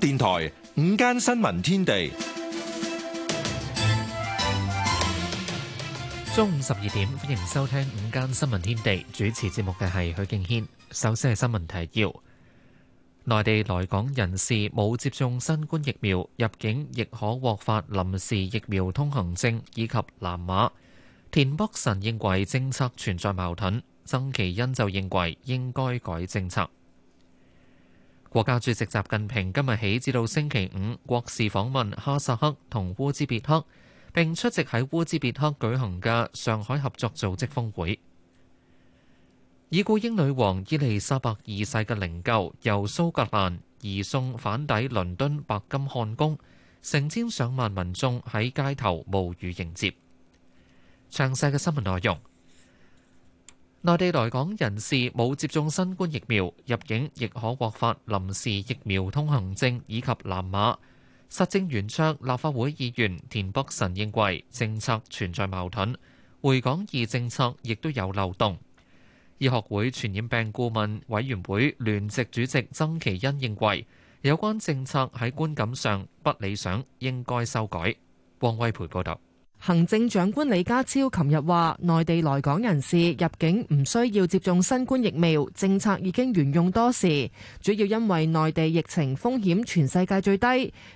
電台午間新聞天地，中午十二點，歡迎收聽午間新聞天地。主持節目嘅係許敬軒。首先係新聞提要：內地來港人士冇接種新冠疫苗入境，亦可獲發臨時疫苗通行證以及藍碼。田北辰認為政策存在矛盾，曾其恩就認為應該改政策。國家主席習近平今日起至到星期五國事訪問哈薩克同烏茲別克，並出席喺烏茲別克舉行嘅上海合作組織峰會。已故英女王伊麗莎白二世嘅靈柩由蘇格蘭移送返抵倫敦白金漢宮，成千上萬民眾喺街頭冒雨迎接。詳細嘅新聞內容。內地來港人士冇接種新冠疫苗，入境亦可獲發臨時疫苗通行證以及藍碼。實政圓桌立法會議員田北辰認為政策存在矛盾，回港易政策亦都有漏洞。醫學會傳染病顧問委員會聯席主席曾祈殷認為有關政策喺觀感上不理想，應該修改。汪威培報導。行政長官李家超琴日話：內地來港人士入境唔需要接種新冠疫苗，政策已經沿用多時。主要因為內地疫情風險全世界最低，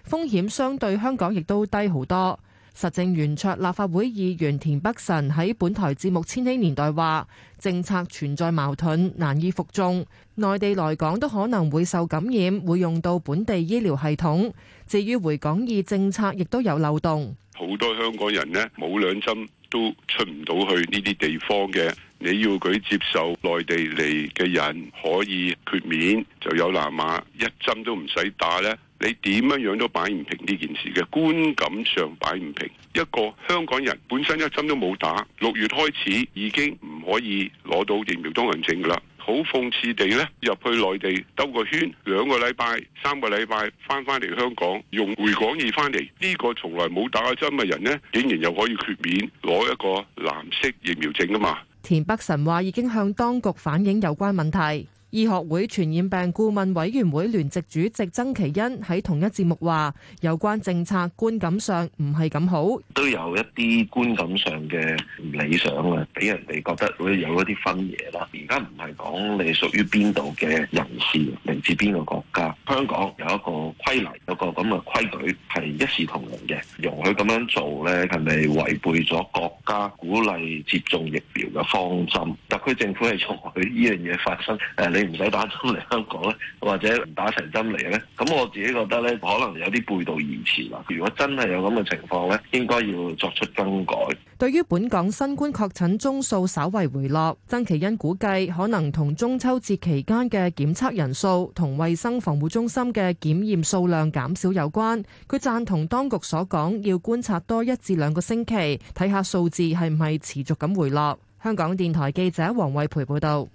風險相對香港亦都低好多。實政圓桌立法會議員田北辰喺本台節目《千禧年代》話：政策存在矛盾，難以服眾。內地來港都可能會受感染，會用到本地醫療系統。至於回港易政策，亦都有漏洞。好多香港人呢，冇兩針都出唔到去呢啲地方嘅，你要佢接受內地嚟嘅人可以豁免就有難嘛，一針都唔使打呢。你點樣樣都擺唔平呢件事嘅，觀感上擺唔平，一個香港人本身一針都冇打，六月開始已經唔可以攞到疫苗通行證噶啦。好諷刺地呢，入去內地兜個圈兩個禮拜三個禮拜，翻翻嚟香港用回港易翻嚟，呢、這個從來冇打過針嘅人呢，竟然又可以豁免攞一個藍色疫苗證啊嘛！田北辰話已經向當局反映有關問題。醫學會傳染病顧問委員會聯席主席曾祈殷喺同一節目話：有關政策觀感上唔係咁好，都有一啲觀感上嘅唔理想啊，俾人哋覺得會有一啲分野啦。而家唔係講你屬於邊度嘅人士，嚟自邊個國家。香港有一個規例，有個咁嘅規矩係一視同仁嘅，容許咁樣做咧，係咪違背咗國家鼓勵接種疫苗嘅方針？特區政府係縱容呢樣嘢發生，誒，你。唔使打針嚟香港咧，或者唔打成針嚟嘅咧，咁我自己覺得咧，可能有啲背道而馳啦。如果真係有咁嘅情況咧，應該要作出更改。對於本港新冠確診宗數稍為回落，曾奇欣估計可能同中秋節期間嘅檢測人數同衛生防護中心嘅檢驗數量減少有關，佢讚同當局所講，要觀察多一至兩個星期，睇下數字係唔係持續咁回落。香港電台記者黃慧培報道。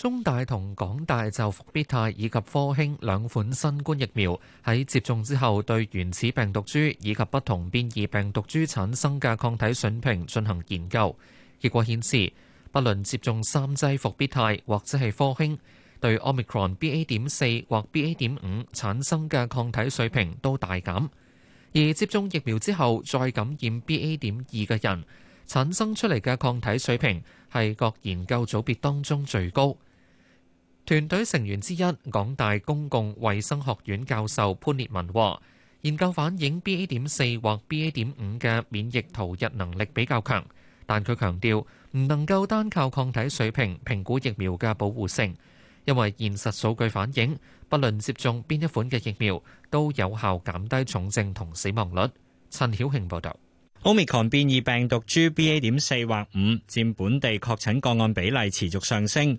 中大同港大就復必泰以及科興兩款新冠疫苗喺接種之後對原始病毒株以及不同變異病毒株產生嘅抗體水平進行研究，結果顯示，不論接種三劑復必泰或者係科興，對 omicron BA. 點四或 BA. 點五產生嘅抗體水平都大減，而接種疫苗之後再感染 BA. 點二嘅人，產生出嚟嘅抗體水平係各研究組別當中最高。團隊成員之一，港大公共衛生學院教授潘烈文話：研究反映 B A. 點四或 B A. 點五嘅免疫逃逸能力比較強，但佢強調唔能夠單靠抗體水平評估疫苗嘅保護性，因為現實數據反映，不論接種邊一款嘅疫苗，都有效減低重症同死亡率。陳曉慶報導。Omicron 變異病毒株 B A. 點四或五佔本地確診個案比例持續上升。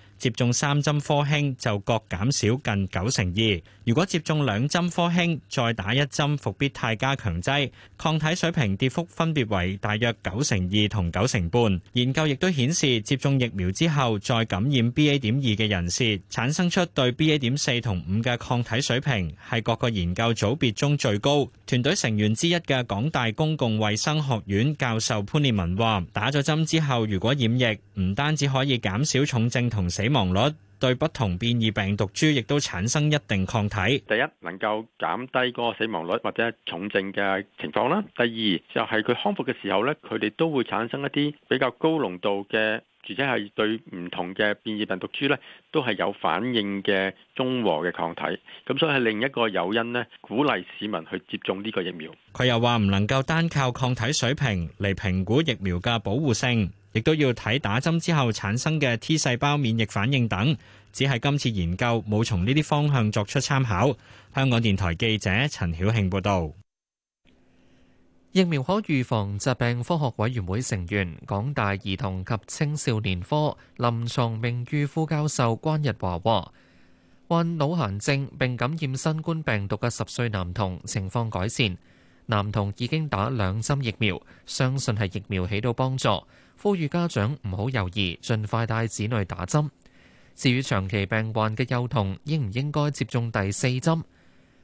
接種三針科興就各減少近九成二，如果接種兩針科興再打一針復必泰加強劑，抗體水平跌幅分別為大約九成二同九成半。研究亦都顯示，接種疫苗之後再感染 B A. 點二嘅人士，產生出對 B A. 點四同五嘅抗體水平係各個研究組別中最高。團隊成員之一嘅港大公共衛生學院教授潘烈文話：打咗針之後如果染疫，唔單止可以減少重症同死。死亡率，對不同變異病毒株亦都產生一定抗體。第一，能夠減低嗰個死亡率或者重症嘅情況啦。第二，就係佢康復嘅時候咧，佢哋都會產生一啲比較高濃度嘅，而且係對唔同嘅變異病毒株咧都係有反應嘅中和嘅抗體。咁所以係另一個誘因咧，鼓勵市民去接種呢個疫苗。佢又話唔能夠單靠抗體水平嚟評估疫苗嘅保護性。亦都要睇打針之後產生嘅 T 細胞免疫反應等，只係今次研究冇從呢啲方向作出參考。香港電台記者陳曉慶報道：「疫苗可預防疾病科學委員會成員、港大兒童及青少年科臨床名譽副教授關日華話：患腦炎症並感染新冠病毒嘅十歲男童情況改善，男童已經打兩針疫苗，相信係疫苗起到幫助。呼籲家長唔好猶豫，盡快帶子女打針。至於長期病患嘅幼童，應唔應該接種第四針？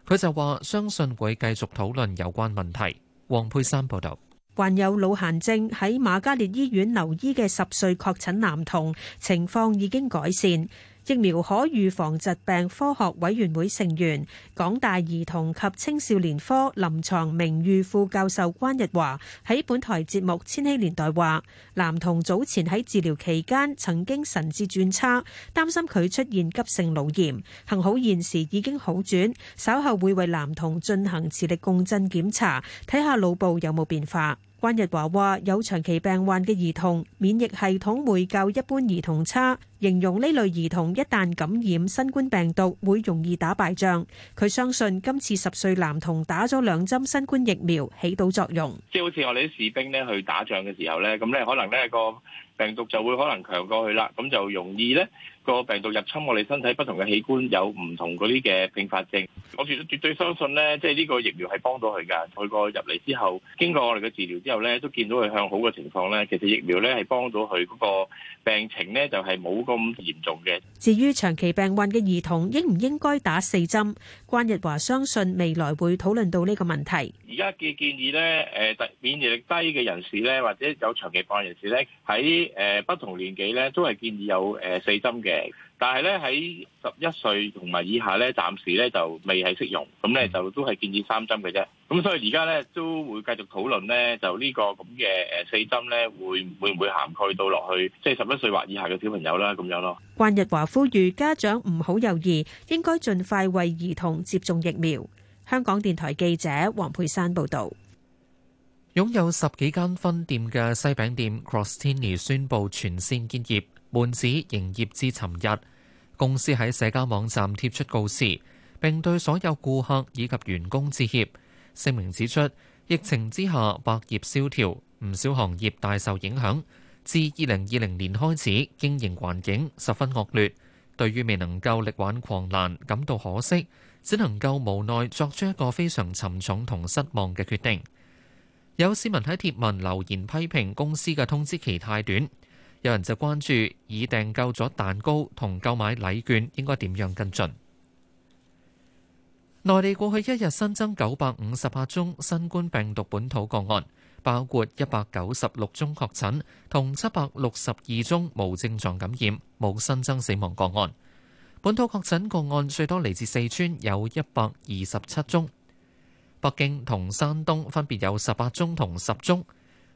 佢就話相信會繼續討論有關問題。黃佩珊報導，患有腦癇症喺瑪嘉烈醫院留醫嘅十歲確診男童，情況已經改善。疫苗可預防疾病科學委員會成員、港大兒童及青少年科臨床名譽副教授關日華喺本台節目《千禧年代》話：男童早前喺治療期間曾經神志轉差，擔心佢出現急性腦炎，幸好現時已經好轉，稍後會為男童進行磁力共振檢查，睇下腦部有冇變化。關日華話：有長期病患嘅兒童免疫系統會較一般兒童差。形容呢類兒童一旦感染新冠病毒會容易打敗仗。佢相信今次十歲男童打咗兩針新冠疫苗起到作用。即係好似我哋啲士兵呢去打仗嘅時候呢，咁呢可能呢個病毒就會可能強過佢啦，咁就容易呢個病毒入侵我哋身體不同嘅器官，有唔同嗰啲嘅併發症。我哋都絕對相信呢，即係呢個疫苗係幫到佢噶。佢個入嚟之後，經過我哋嘅治療之後呢，都見到佢向好嘅情況呢。其實疫苗呢係幫到佢嗰個病情呢，就係冇咁嚴重嘅。至於長期病患嘅兒童，應唔應該打四針？關日華相信未來會討論到呢個問題。而家嘅建議咧，誒，免疫力低嘅人士咧，或者有長期病患人士咧，喺誒不同年紀咧，都係建議有誒四針嘅。但係咧喺十一歲同埋以下咧，暫時咧就未係適用，咁咧就都係建議三針嘅啫。咁所以而家咧都會繼續討論咧，就這個這呢個咁嘅誒四針咧，會會唔會涵蓋到落去即係十一歲或以下嘅小朋友啦？咁樣咯。關日華呼籲家長唔好猶豫，應該盡快為兒童接種疫苗。香港電台記者黃佩珊報道。擁有十幾間分店嘅西餅店 Crostini 宣布全線歇業，門市營業至尋日。公司喺社交網站貼出告示，並對所有顧客以及員工致歉。聲明指出，疫情之下百業蕭條，唔少行業大受影響。自二零二零年開始，經營環境十分惡劣，對於未能夠力挽狂瀾感到可惜，只能夠無奈作出一個非常沉重同失望嘅決定。有市民喺貼文留言批評公司嘅通知期太短，有人就關注已訂購咗蛋糕同購買禮券應該點樣跟進。內地過去一日新增九百五十八宗新冠病毒本土個案，包括一百九十六宗確診同七百六十二宗無症狀感染，冇新增死亡個案。本土確診個案最多嚟自四川，有一百二十七宗；北京同山東分別有十八宗同十宗。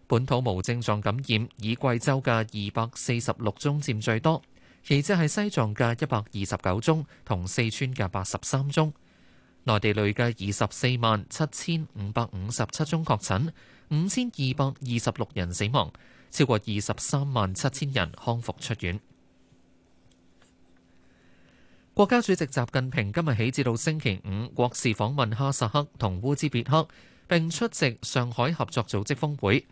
本土無症狀感染以貴州嘅二百四十六宗佔最多，其次係西藏嘅一百二十九宗同四川嘅八十三宗。內地累計二十四萬七千五百五十七宗確診，五千二百二十六人死亡，超過二十三萬七千人康復出院。國家主席習近平今日起至到星期五國事訪問哈薩克同烏茲別克，並出席上海合作組織峰會。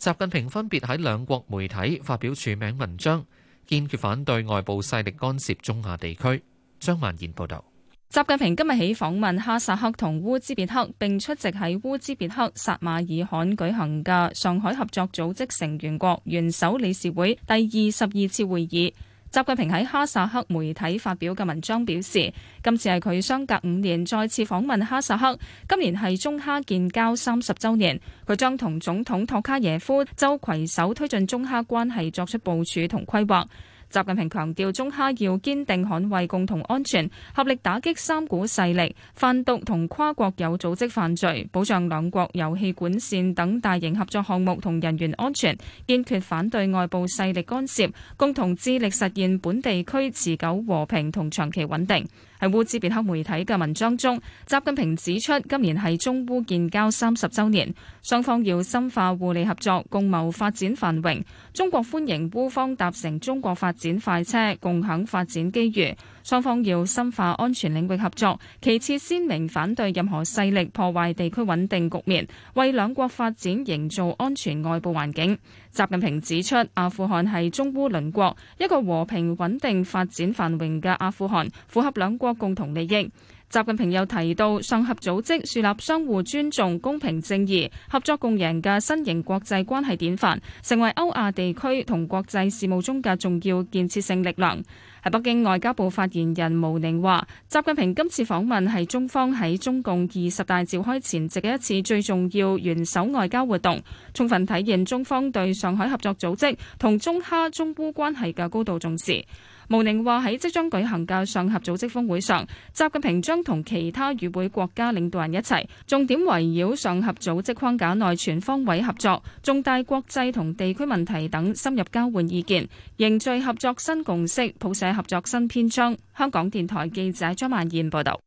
習近平分別喺兩國媒體發表署名文章，堅決反對外部勢力干涉中亞地區。張曼賢報導。習近平今日起訪問哈薩克同烏茲別克，並出席喺烏茲別克撒馬爾罕舉行嘅上海合作組織成員國元首理事會第二十二次會議。習近平喺哈薩克媒體發表嘅文章表示，今次係佢相隔五年再次訪問哈薩克，今年係中哈建交三十周年，佢將同總統托卡耶夫就携手推進中哈關係作出部署同規劃。習近平強調，中哈要堅定捍衛共同安全，合力打擊三股勢力、販毒同跨國有組織犯罪，保障兩國油氣管線等大型合作項目同人員安全，堅決反對外部勢力干涉，共同致力實現本地區持久和平同長期穩定。喺烏茲別克媒體嘅文章中，習近平指出，今年係中烏建交三十周年，雙方要深化互利合作，共謀發展繁榮。中國歡迎烏方搭乘中國發展快車，共享發展機遇。雙方要深化安全領域合作，其次鮮明反對任何勢力破壞地區穩定局面，為兩國發展營造安全外部環境。習近平指出，阿富汗係中烏鄰國，一個和平穩定、發展繁榮嘅阿富汗符合兩國共同利益。習近平又提到，上合組織樹立相互尊重、公平正義、合作共贏嘅新型國際關係典範，成為歐亞地區同國際事務中嘅重要建設性力量。喺北京外交部發言人毛寧話，習近平今次訪問係中方喺中共二十大召開前夕嘅一次最重要元首外交活動，充分體現中方對上海合作組織同中哈、中烏關係嘅高度重視。毛寧話喺即將舉行嘅上合組織峰會上，習近平將同其他與會國家領導人一齊，重點圍繞上合組織框架內全方位合作、重大國際同地區問題等深入交換意見，凝聚合作新共識，譜寫合作新篇章。香港電台記者張萬燕報道。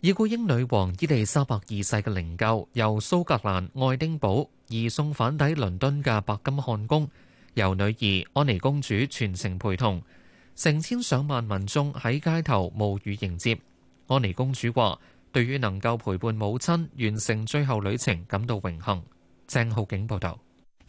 已故英女王伊麗莎白二世嘅靈柩由蘇格蘭愛丁堡移送返抵倫敦嘅白金漢宮。由女兒安妮公主全程陪同，成千上萬民眾喺街頭冒雨迎接。安妮公主話：對於能夠陪伴母親完成最後旅程，感到榮幸。鄭浩景報導。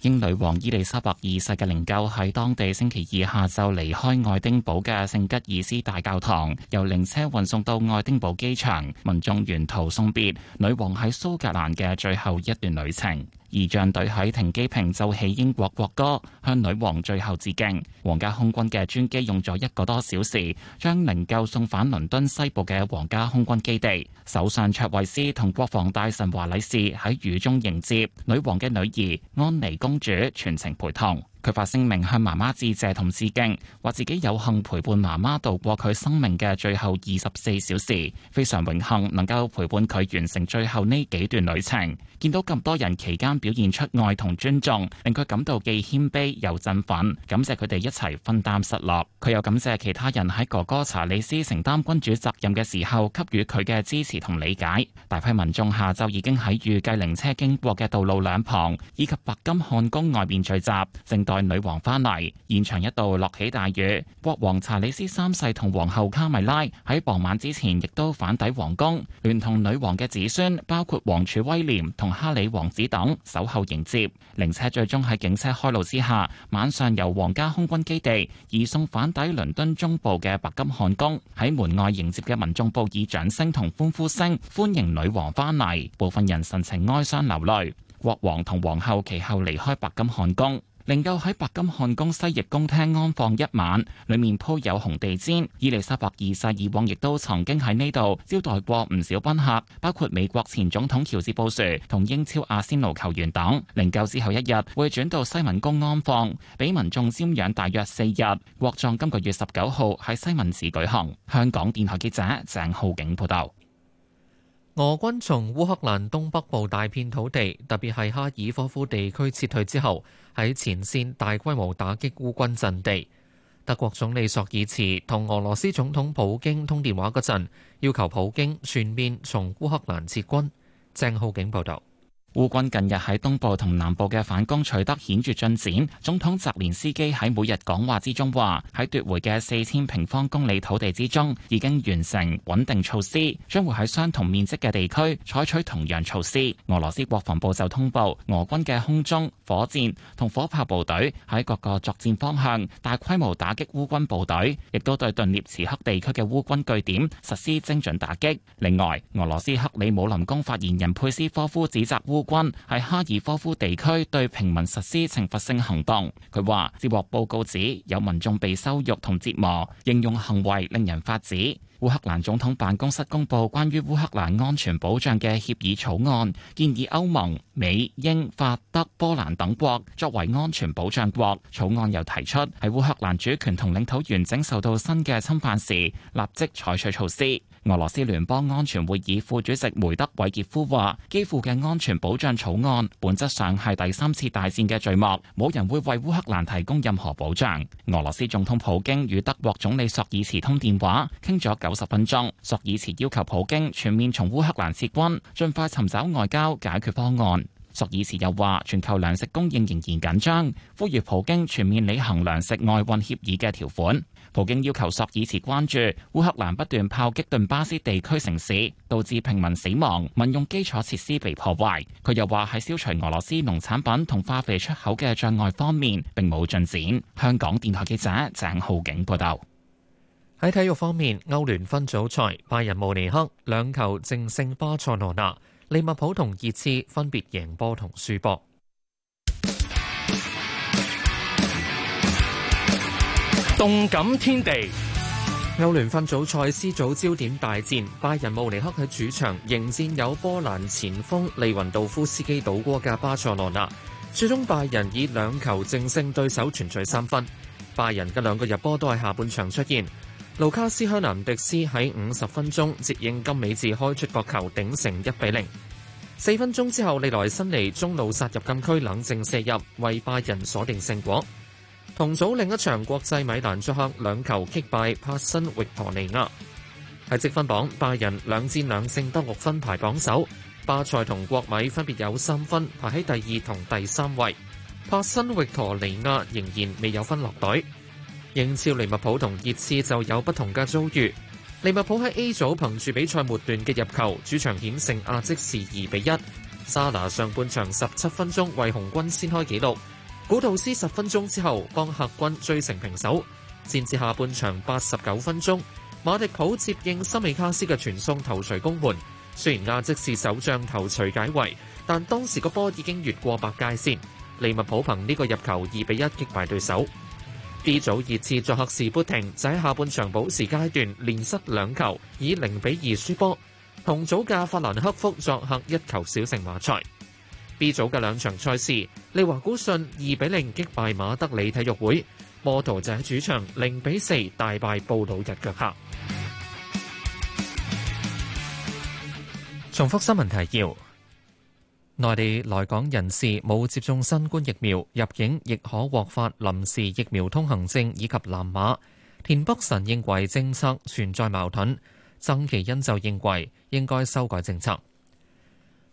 英女王伊利沙伯二世嘅靈柩喺當地星期二下晝離開愛丁堡嘅聖吉爾斯大教堂，由靈車運送到愛丁堡機場，民眾沿途送別女王喺蘇格蘭嘅最後一段旅程。儀仗隊喺停機坪奏起英國國歌，向女王最後致敬。皇家空軍嘅專機用咗一個多小時，將靈柩送返倫敦西部嘅皇家空軍基地。首相卓衛斯同國防大臣華禮士喺雨中迎接，女王嘅女兒安妮公主全程陪同。佢發聲明向媽媽致謝同致敬，話自己有幸陪伴媽媽度過佢生命嘅最後二十四小時，非常榮幸能夠陪伴佢完成最後呢幾段旅程。見到咁多人期間表現出愛同尊重，令佢感到既謙卑又振奮，感謝佢哋一齊分擔失落。佢又感謝其他人喺哥哥查理斯承擔君主責任嘅時候給予佢嘅支持同理解。大批民眾下晝已經喺預計靈車經過嘅道路兩旁以及白金漢宮外面聚集，靜待。女王翻嚟，現場一度落起大雨。國王查理斯三世同皇后卡米拉喺傍晚之前亦都返抵皇宮，聯同女王嘅子孫，包括王儲威廉同哈里王子等守候迎接。靈車最終喺警車開路之下，晚上由皇家空軍基地移送返抵倫敦中部嘅白金漢宮。喺門外迎接嘅民眾，報以掌聲同歡呼聲歡迎女王翻嚟，部分人神情哀傷流淚。國王同皇后其後離開白金漢宮。靈柩喺白金漢宮西翼宮廳安放一晚，裏面鋪有紅地毯。伊利莎白二世以往亦都曾經喺呢度招待過唔少賓客，包括美國前總統喬治布殊同英超阿仙奴球員等。靈柩之後一日會轉到西敏宮安放，俾民眾瞻仰大約四日。國葬今個月十九號喺西敏寺舉行。香港電台記者鄭浩景報道。俄軍從烏克蘭東北部大片土地，特別係哈爾科夫地區撤退之後，喺前線大規模打擊烏軍陣地。德國總理朔爾茨同俄羅斯總統普京通電話嗰陣，要求普京全面從烏克蘭撤軍。鄭浩景報導。烏軍近日喺東部同南部嘅反攻取得顯著進展。總統澤連斯基喺每日講話之中話，喺奪回嘅四千平方公里土地之中，已經完成穩定措施，將會喺相同面積嘅地區採取同樣措施。俄羅斯國防部就通報，俄軍嘅空中、火箭同火炮部隊喺各個作戰方向大規模打擊烏軍部隊，亦都對頓涅茨克地區嘅烏軍據點實施精準打擊。另外，俄羅斯克里姆林宮發言人佩斯科夫指責烏軍喺哈爾科夫地區對平民實施懲罰性行動。佢話接獲報告指，有民眾被羞辱同折磨，形容行為令人髮指。烏克蘭總統辦公室公布關於烏克蘭安全保障嘅協議草案，建議歐盟、美、英、法、德、波蘭等國作為安全保障國。草案又提出喺烏克蘭主權同領土完整受到新嘅侵犯時，立即採取措施。俄羅斯聯邦安全會議副主席梅德韋傑夫話，基輔嘅安全保障草案本質上係第三次大戰嘅序幕，冇人會為烏克蘭提供任何保障。俄羅斯總統普京與德國總理索爾茨通電話，傾咗九十分鐘。索爾茨要求普京全面從烏克蘭撤軍，盡快尋找外交解決方案。索爾茨又話，全球糧食供應仍然緊張，呼籲普京全面履行糧食外運協議嘅條款。普京要求索爾茨關注，烏克蘭不斷炮擊頓巴斯地區城市，導致平民死亡、民用基礎設施被破壞。佢又話喺消除俄羅斯農產品同化肥出口嘅障礙方面並冇進展。香港電台記者鄭浩景報道。喺體育方面，歐聯分組賽，拜仁慕尼黑兩球淨勝巴塞羅那，利物浦同熱刺分別贏波同輸波。動感天地，歐聯分組賽 C 組焦點大戰，拜仁慕尼克喺主場迎戰有波蘭前鋒利雲道夫斯基倒戈嘅巴塞羅那，最終拜仁以兩球正勝對手，全取三分。拜仁嘅兩個入波都係下半場出現，盧卡斯克南迪斯喺五十分鐘接應金美治開出角球頂成一比零，四分鐘之後利來辛尼中路殺入禁區冷靜射入，為拜仁鎖定勝果。同組另一場國際米蘭作客，兩球擊敗帕辛域陀尼亞。喺積分榜，拜仁兩戰兩勝得六分排榜首，巴塞同國米分別有三分排喺第二同第三位。帕辛域陀尼亞仍然未有分落隊。英超利物浦同熱刺就有不同嘅遭遇。利物浦喺 A 組憑住比賽末段嘅入球，主場險勝亞積士二比一。沙拿上半場十七分鐘為紅軍先開紀錄。古道斯十分鐘之後幫客軍追成平手，戰至下半場八十九分鐘，馬迪普接應森美卡斯嘅傳送頭槌攻門，雖然亞積士守將頭槌解圍，但當時個波已經越過白界線，利物浦憑呢個入球二比一擊敗對手。B 組熱刺作客士砵亭，就喺下半場補時階段連失兩球，以零比二輸波。同組亞法蘭克福作客一球小勝馬賽。B 組嘅兩場賽事，利華古遜二比零擊敗馬德里體育會，波圖就喺主場零比四大敗布魯日腳下。重複新聞提要：內地來港人士冇接種新冠疫苗入境，亦可獲發臨時疫苗通行證以及藍碼。田北辰認為政策存在矛盾，曾其欣就認為應該修改政策。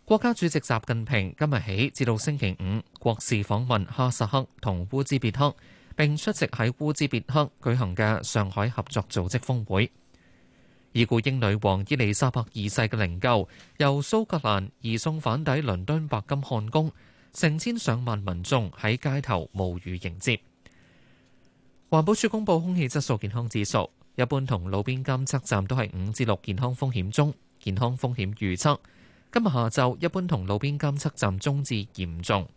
國家主席習近平今日起至到星期五國事訪問哈薩克同烏茲別克，並出席喺烏茲別克舉行嘅上海合作組織峰會。已故英女王伊利沙伯二世嘅靈柩由蘇格蘭移送返抵倫敦白金漢宮，成千上萬民眾喺街頭冒雨迎接。環保署公布空氣質素健康指數，一般同路邊監測站都係五至六，健康風險中，健康風險預測。今日下晝一般同路邊監測站中至嚴重，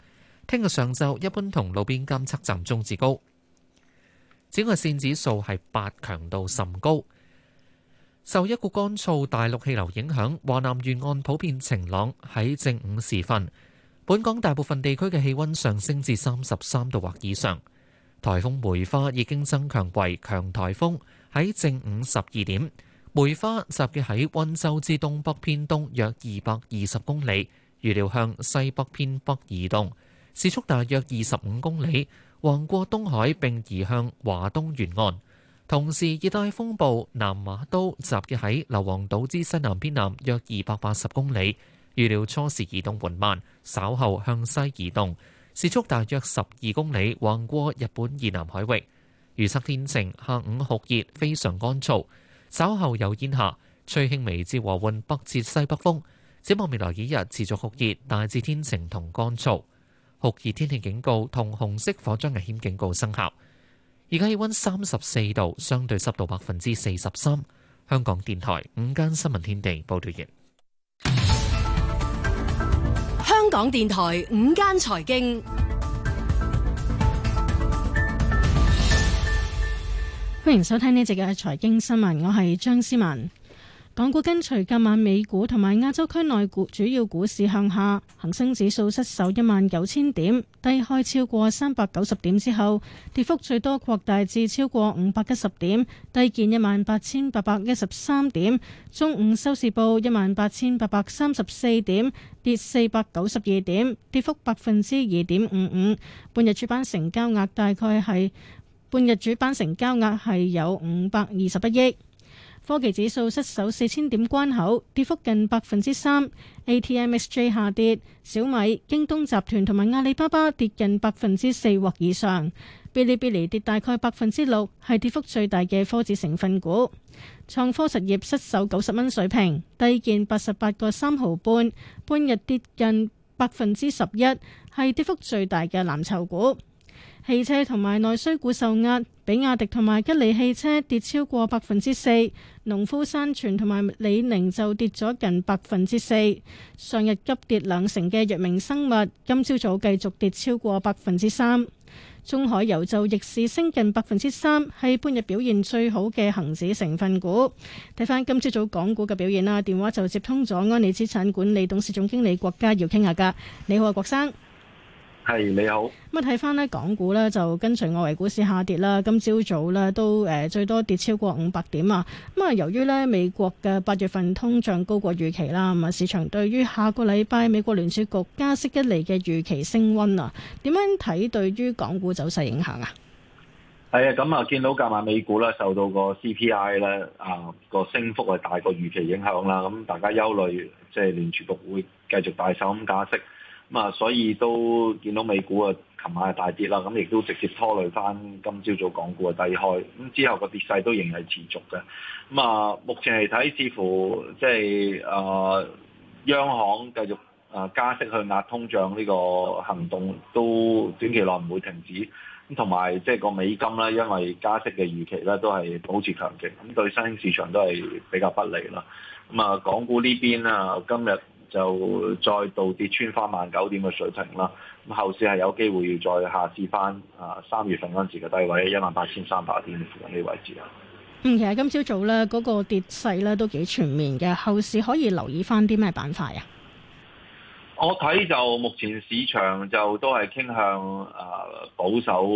聽日上晝一般同路邊監測站中至高。紫外線指數係八，強度甚高。受一股乾燥大陸氣流影響，華南沿岸普遍晴朗。喺正午時分，本港大部分地區嘅氣溫上升至三十三度或以上。台風梅花已經增強為強台風，喺正午十二點。梅花集結喺溫州之東北偏東約二百二十公里，預料向西北偏北移動，時速大約二十五公里，橫過東海，並移向華東沿岸。同時，熱帶風暴南馬都集結喺硫磺島之西南偏南約二百八十公里，預料初時移動緩慢，稍後向西移動，時速大約十二公里，橫過日本以南海域。預測天晴，下午酷熱，非常乾燥。稍後有煙霞，吹輕微至和緩北至西北風。展望未來幾日持續酷熱，大致天晴同乾燥。酷熱天氣警告同紅色火災危險警告生效。而家氣溫三十四度，相對濕度百分之四十三。香港電台午間新聞天地報道完。香港電台午間財經。歡迎收聽呢一節嘅財經新聞，我係張思文。港股跟隨今晚美股同埋亞洲區內股主要股市向下，恒生指數失守一萬九千點，低開超過三百九十點之後，跌幅最多擴大至超過五百一十點，低見一萬八千八百一十三點。中午收市報一萬八千八百三十四點，跌四百九十二點，跌幅百分之二點五五。半日主板成交額大概係。半日主板成交額係有五百二十一億，科技指數失守四千點關口，跌幅近百分之三。ATM、SJ 下跌，小米、京東集團同埋阿里巴巴跌近百分之四或以上。嗶哩嗶哩跌大概百分之六，係跌幅最大嘅科指成分股。創科實業失守九十蚊水平，低見八十八個三毫半，半日跌近百分之十一，係跌幅最大嘅藍籌股。汽車同埋內需股受壓，比亞迪同埋吉利汽車跌超過百分之四。農夫山泉同埋李寧就跌咗近百分之四。上日急跌兩成嘅藥明生物，今朝早繼續跌超過百分之三。中海油就逆市升近百分之三，係半日表現最好嘅恒指成分股。睇返今朝早港股嘅表現，電話就接通咗安利資產管理董事總經理郭家耀傾下噶。你好啊，郭生。係你好，咁啊睇翻呢港股呢，就跟隨外圍股市下跌啦。今朝早呢，都誒最多跌超過五百點啊。咁啊由於呢美國嘅八月份通脹高過預期啦，咁啊市場對於下個禮拜美國聯儲局加息一厘嘅預期升溫啊，點樣睇對於港股走勢影響啊？係啊，咁啊見到隔晚美股呢受到個 CPI 呢啊個升幅係大過預期影響啦，咁大家憂慮即係聯儲局會繼續大手咁加息。咁啊、嗯，所以都見到美股啊，琴晚係大跌啦，咁、嗯、亦都直接拖累翻今朝早，早港股嘅低開，咁、嗯、之後個跌勢都仍係持續嘅。咁、嗯、啊、嗯，目前嚟睇，似乎即係啊，央行繼續啊加息去壓通脹呢個行動都短期內唔會停止。咁同埋即係個美金咧，因為加息嘅預期咧都係保持強勁，咁、嗯、對新興市場都係比較不利啦。咁、嗯、啊、嗯，港股呢邊啊，今日。就再度跌穿翻萬九點嘅水平啦，咁後市係有機會再下試翻啊三月份嗰陣時嘅低位一萬八千三百點附近呢位置啊。嗯，其實今朝早咧嗰、嗰個跌勢咧都幾全面嘅，後市可以留意翻啲咩板塊啊？我睇就目前市場就都係傾向啊、呃、保守、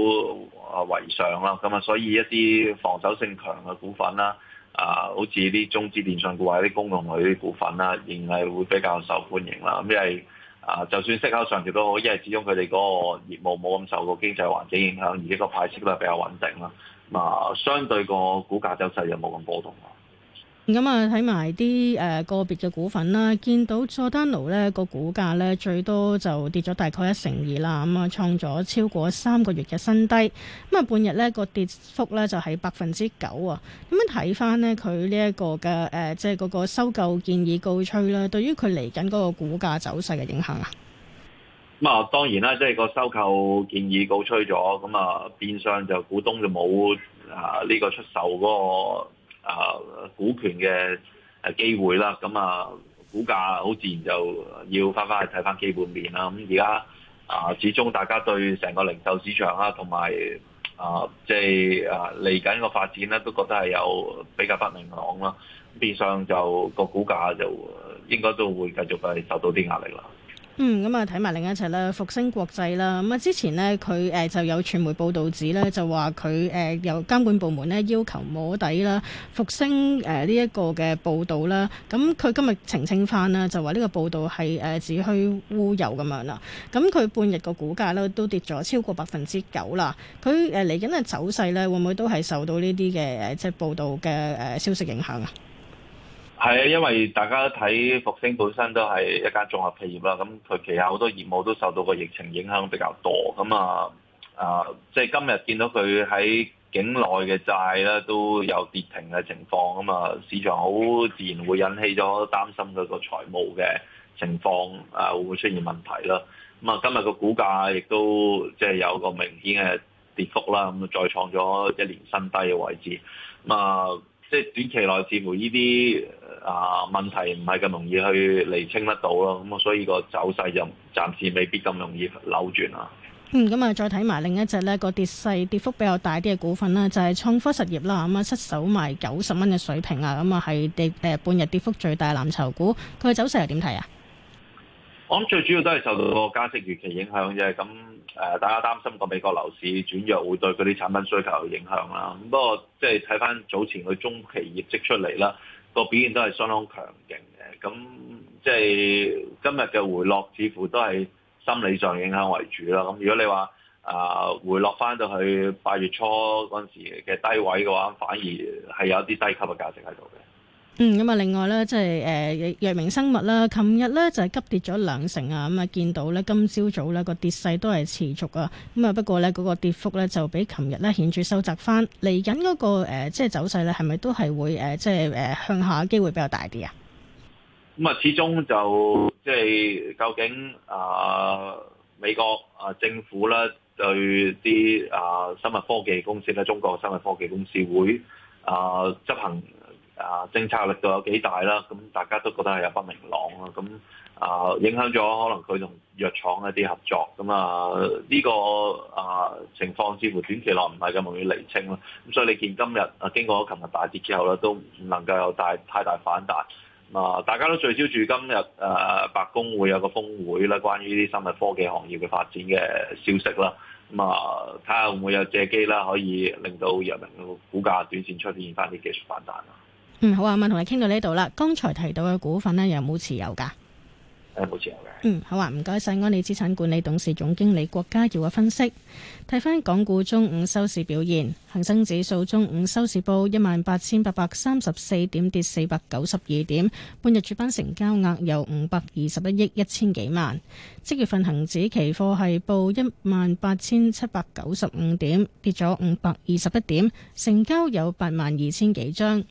呃、為上啦，咁啊，所以一啲防守性強嘅股份啦。啊，好似啲中資電信股或者啲公用類啲股份啦，仍係會比較受歡迎啦。咁因為啊，就算息口上調都好，因為始終佢哋嗰個業務冇咁受個經濟環境影響，而且個派息都係比較穩定啦。咁啊，相對個股價走勢又冇咁波動。咁啊，睇埋啲誒個別嘅股份啦，見到佐丹奴咧個股價咧最多就跌咗大概一成二啦，咁啊創咗超過三個月嘅新低。咁啊半日咧個跌幅咧就係百分之九啊。咁樣睇翻呢，佢呢一個嘅誒，即係嗰個收購建議告吹啦。對於佢嚟緊嗰個股價走勢嘅影響啊。咁啊當然啦，即係個收購建議告吹咗，咁啊變相就股東就冇啊呢個出售嗰個。啊，股權嘅誒機會啦，咁啊股價好自然就要翻翻去睇翻基本面啦。咁而家啊，始終大家對成個零售市場啊，同埋啊，即係啊嚟緊個發展咧、啊，都覺得係有比較不明朗啦、啊。變相就個、啊、股價就應該都會繼續係受到啲壓力啦。嗯，咁啊睇埋另一隻啦，復星國際啦，咁啊之前呢，佢誒就有傳媒報導指呢，就話佢誒由監管部門呢要求摸底啦，復星誒呢一個嘅報導啦，咁佢今日澄清翻啦，就話呢個報導係誒子虛烏有咁樣啦，咁佢半日個股價呢都跌咗超過百分之九啦，佢誒嚟緊嘅走勢呢，會唔會都係受到呢啲嘅誒即係報導嘅誒消息影響啊？係啊，因為大家睇復星本身都係一間綜合企業啦，咁佢旗下好多業務都受到個疫情影響比較多，咁啊啊，即係今日見到佢喺境內嘅債咧都有跌停嘅情況，咁啊市場好自然會引起咗擔心佢個財務嘅情況啊會唔會出現問題啦。咁啊今日個股價亦都即係有個明顯嘅跌幅啦，咁啊再創咗一年新低嘅位置，咁啊。即係短期內，似乎呢啲啊問題唔係咁容易去釐清得到咯，咁、嗯、啊，所以個走勢就暫時未必咁容易扭轉咯、啊。嗯，咁啊，再睇埋另一隻呢、個跌勢跌幅比較大啲嘅股份咧、啊，就係、係、創科實業啦，咁、嗯、啊，失守埋九十蚊嘅水平啊，咁、嗯、啊，係跌誒半日跌幅最大藍籌股，佢嘅走勢又點睇啊？我諗最主要都係受到個加息預期影響嘅。咁誒，大家擔心個美國樓市轉弱會對嗰啲產品需求有影響啦。咁不過即係睇翻早前佢中期業績出嚟啦，個表現都係相當強勁嘅。咁即係今日嘅回落，似乎都係心理上影響為主啦。咁如果你話啊回落翻到去八月初嗰陣時嘅低位嘅話，反而係有啲低級嘅價值喺度嘅。嗯，咁啊，另外咧，即係誒，藥明生物啦。琴日咧就係、是、急跌咗兩成啊，咁啊，見到咧今朝早咧個跌勢都係持續啊，咁啊，不過咧嗰、那個跌幅咧就比琴日咧顯著收窄翻，嚟緊嗰個誒，即、呃、係、就是、走勢咧係咪都係會誒，即係誒向下嘅機會比較大啲啊？咁啊，始終就即、是、係究竟啊、呃，美國啊政府咧對啲啊生物科技公司咧，中國生物科技公司會啊執、呃、行？啊，政策力度有幾大啦？咁大家都覺得係有不明朗咯。咁啊、呃，影響咗可能佢同藥廠一啲合作。咁啊，呢、呃這個啊、呃、情況似乎短期內唔係咁容易釐清咯。咁所以你見今日啊，經過琴日大跌之後咧，都唔能夠有大太大反彈。啊、呃，大家都聚焦住今日誒、呃，白宮會有個峯會咧，關於呢啲生物科技行業嘅發展嘅消息啦。咁、呃、啊，睇下會唔會有借機啦，可以令到藥明個股價短線出現翻啲技術反彈啊！嗯，好啊，咁同你傾到呢度啦。剛才提到嘅股份呢，有冇持有噶？誒，冇持有嘅。嗯，好啊，唔該晒。安利資產管理董事總經理郭家耀嘅分析，睇返港股中午收市表現，恒生指數中午收市報一萬八千八百三十四點，跌四百九十二點。半日主板成交額有五百二十一億一千幾萬。即月份恒指期貨係報一萬八千七百九十五點，跌咗五百二十一點，成交有八萬二千幾張。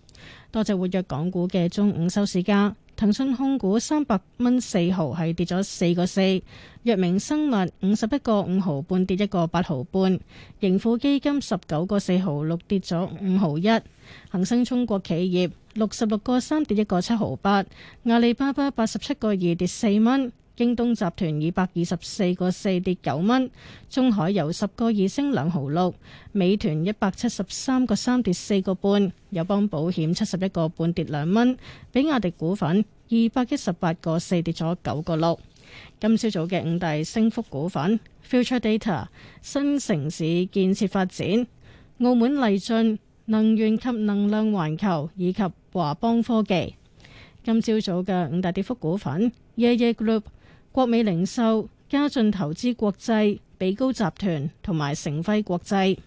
多隻活躍港股嘅中午收市價，騰訊控股三百蚊四毫係跌咗四個四，藥明生物五十一個五毫半跌一個八毫半，盈富基金十九個四毫六跌咗五毫一，恒生中國企業六十六個三跌一個七毫八，阿里巴巴八十七個二跌四蚊。京東集團二百二十四個四跌九蚊，中海油十個二升兩毫六，美團一百七十三個三跌四個半，友邦保險七十一個半跌兩蚊，比亞迪股份二百一十八個四跌咗九個六。今朝早嘅五大升幅股份：Future Data、新城市建設發展、澳門利駿能源及能量環球以及華邦科技。今朝早嘅五大跌幅股份：YeYe Group。ややや國美零售、嘉進投資國際、比高集團同埋成輝國際。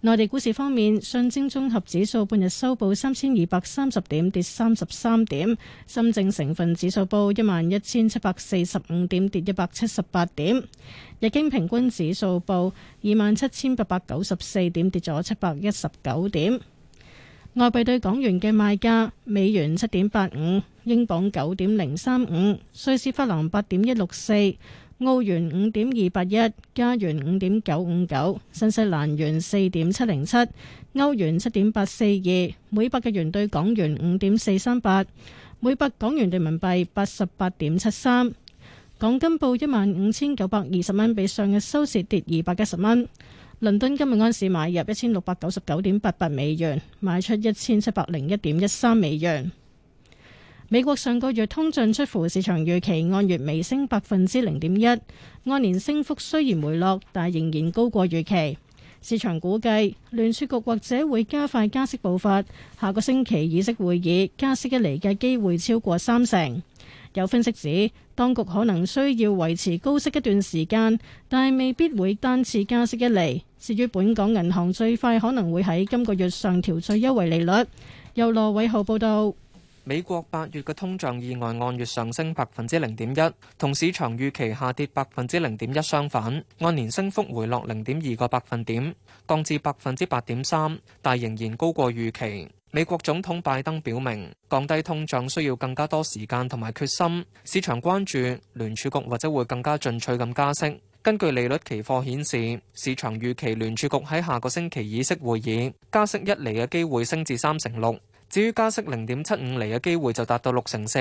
內地股市方面，上證綜合指數半日收報三千二百三十點，跌三十三點；深證成分指數報一萬一千七百四十五點，跌一百七十八點；日經平均指數報二萬七千八百九十四點，跌咗七百一十九點。外幣對港元嘅賣價，美元七點八五。英鎊九點零三五，瑞士法郎八點一六四，澳元五點二八一，加元五點九五九，新西蘭元四點七零七，歐元七點八四二，每百嘅元兌港元五點四三八，每百港元兌人民幣八十八點七三。港金報一萬五千九百二十蚊，比上日收市跌二百一十蚊。倫敦今日安市買入一千六百九十九點八八美元，賣出一千七百零一點一三美元。美國上個月通脹出乎市場預期，按月微升百分之零點一，按年升幅雖然回落，但仍然高過預期。市場估計，聯儲局或者會加快加息步伐，下個星期議息會議加息一厘嘅機會超過三成。有分析指，當局可能需要維持高息一段時間，但未必會單次加息一厘。至於本港銀行，最快可能會喺今個月上調最優惠利率。由羅偉浩報道。美國八月嘅通脹意外按月上升百分之零點一，同市場預期下跌百分之零點一相反，按年升幅回落零點二個百分點，降至百分之八點三，但仍然高過預期。美國總統拜登表明，降低通脹需要更加多時間同埋決心。市場關注聯儲局或者會更加進取咁加息。根據利率期貨顯示，市場預期聯儲局喺下個星期議息會議加息一釐嘅機會升至三成六。至於加息零點七五厘嘅機會就達到六成四，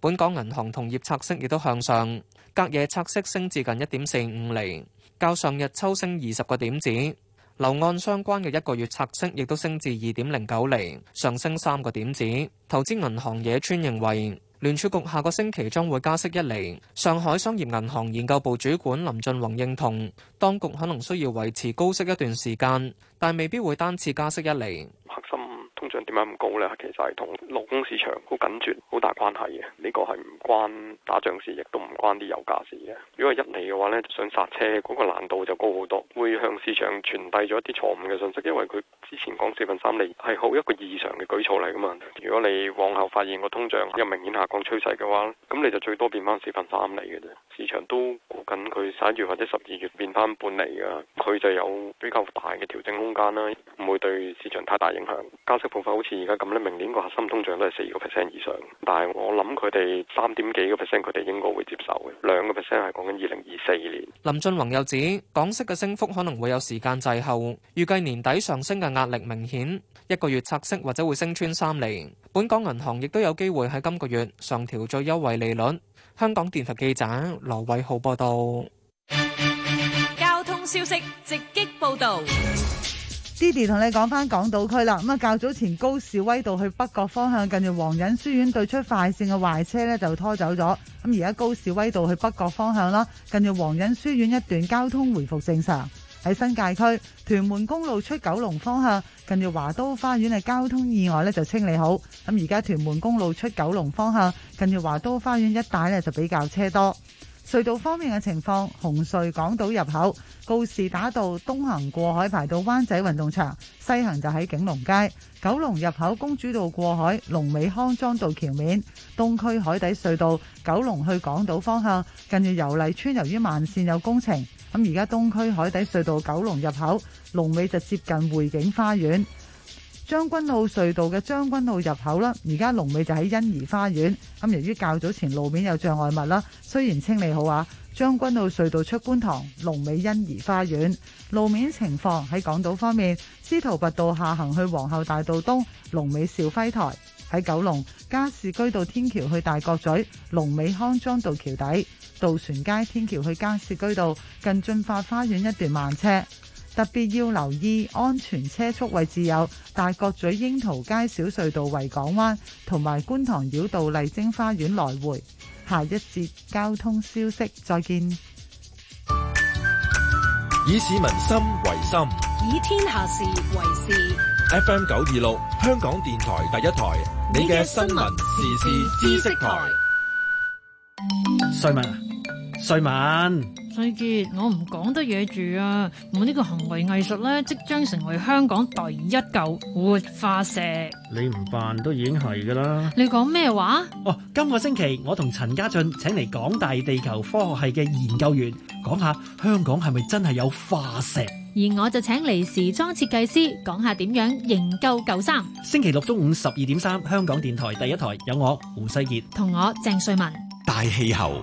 本港銀行同業拆息亦都向上，隔夜拆息升至近一點四五厘，較上日抽升二十個點子。樓按相關嘅一個月拆息亦都升至二點零九厘，上升三個點子。投資銀行野村認為，聯儲局下個星期將會加息一厘。上海商業銀行研究部主管林俊宏認同，當局可能需要維持高息一段時間，但未必會單次加息一厘。 通脹點解咁高呢？其實係同勞工市場好緊絀好大關係嘅。呢、這個係唔關打仗事，亦都唔關啲油價事嘅。如果係一厘嘅話咧，就想剎車嗰、那個難度就高好多，會向市場傳遞咗一啲錯誤嘅信息。因為佢之前講四分三厘係好一個異常嘅舉措嚟噶嘛。如果你往後發現個通脹有明顯下降趨勢嘅話，咁你就最多變翻四分三厘嘅啫。市場都估緊佢十一月或者十二月變翻半厘噶，佢就有比較大嘅調整空間啦，唔會對市場太大影響。加息。況況好似而家咁咧，明年個核心通脹都係四個 percent 以上，但係我諗佢哋三點幾個 percent，佢哋應該會接受嘅。兩個 percent 係講緊二零二四年。林俊宏又指，港息嘅升幅可能會有時間滯後，預計年底上升嘅壓力明顯，一個月拆息或者會升穿三厘。本港銀行亦都有機會喺今個月上調最優惠利率。香港電台記者羅偉浩報道。交通消息直擊報導。Didi 同你講返港島區啦，咁啊，較早前高士威道去北角方向，近住黃隱書院對出快線嘅壞車呢就拖走咗。咁而家高士威道去北角方向啦，近住黃隱書院一段交通回復正常。喺新界區屯門公路出九龍方向，近住華都花園嘅交通意外呢就清理好。咁而家屯門公路出九龍方向，近住華都花園一帶呢就比較車多。隧道方面嘅情況，紅隧港島入口告士打道東行過海排到灣仔運動場，西行就喺景隆街；九龍入口公主道過海，龍尾康莊道橋面。東區海底隧道九龍去港島方向，近住油麗村由於慢線有工程，咁而家東區海底隧道九龍入口龍尾就接近匯景花園。將軍澳隧道嘅將軍澳入口啦，而家龍尾就喺欣怡花園。咁由於較早前路面有障礙物啦，雖然清理好啊，將軍澳隧道出觀塘，龍尾欣怡花園路面情況。喺港島方面，司徒拔道下行去皇后大道東，龍尾兆輝台；喺九龍，加士居道天橋去大角咀，龍尾康莊道橋底，渡船街天橋去加士居道近駿發花園一段慢車。特別要留意安全車速位置有大角咀櫻桃街小隧道、維港灣同埋觀塘繞道麗晶花園來回。下一節交通消息，再見。以市民心為心，以天下事為事。FM 九二六，香港電台第一台，你嘅新聞時事知識台。瑞文啊，瑞文。世杰，我唔講得嘢住啊！我呢個行為藝術咧，即將成為香港第一舊活化石。你唔扮都已經係噶啦！你講咩話？哦，今個星期我同陳家俊請嚟港大地球科學系嘅研究員講下香港係咪真係有化石？而我就請嚟時裝設計師講下點樣營救舊衫。星期六中午十二點三，3, 香港電台第一台有我胡世杰同我鄭瑞文大氣候。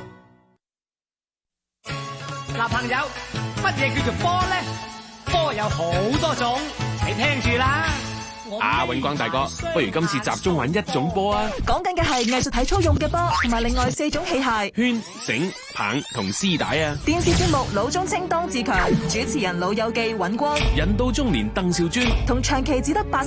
朋友，乜嘢叫做波咧？波有好多種，你聽住啦。阿、啊、永光大哥，不如今次集中玩一種波啊。講緊嘅係藝術體操用嘅波，同埋另外四種器械：圈、繩、棒同絲帶啊。電視節目《老中青當自強》，主持人老友記尹光，人到中年鄧兆尊，同長期只得八。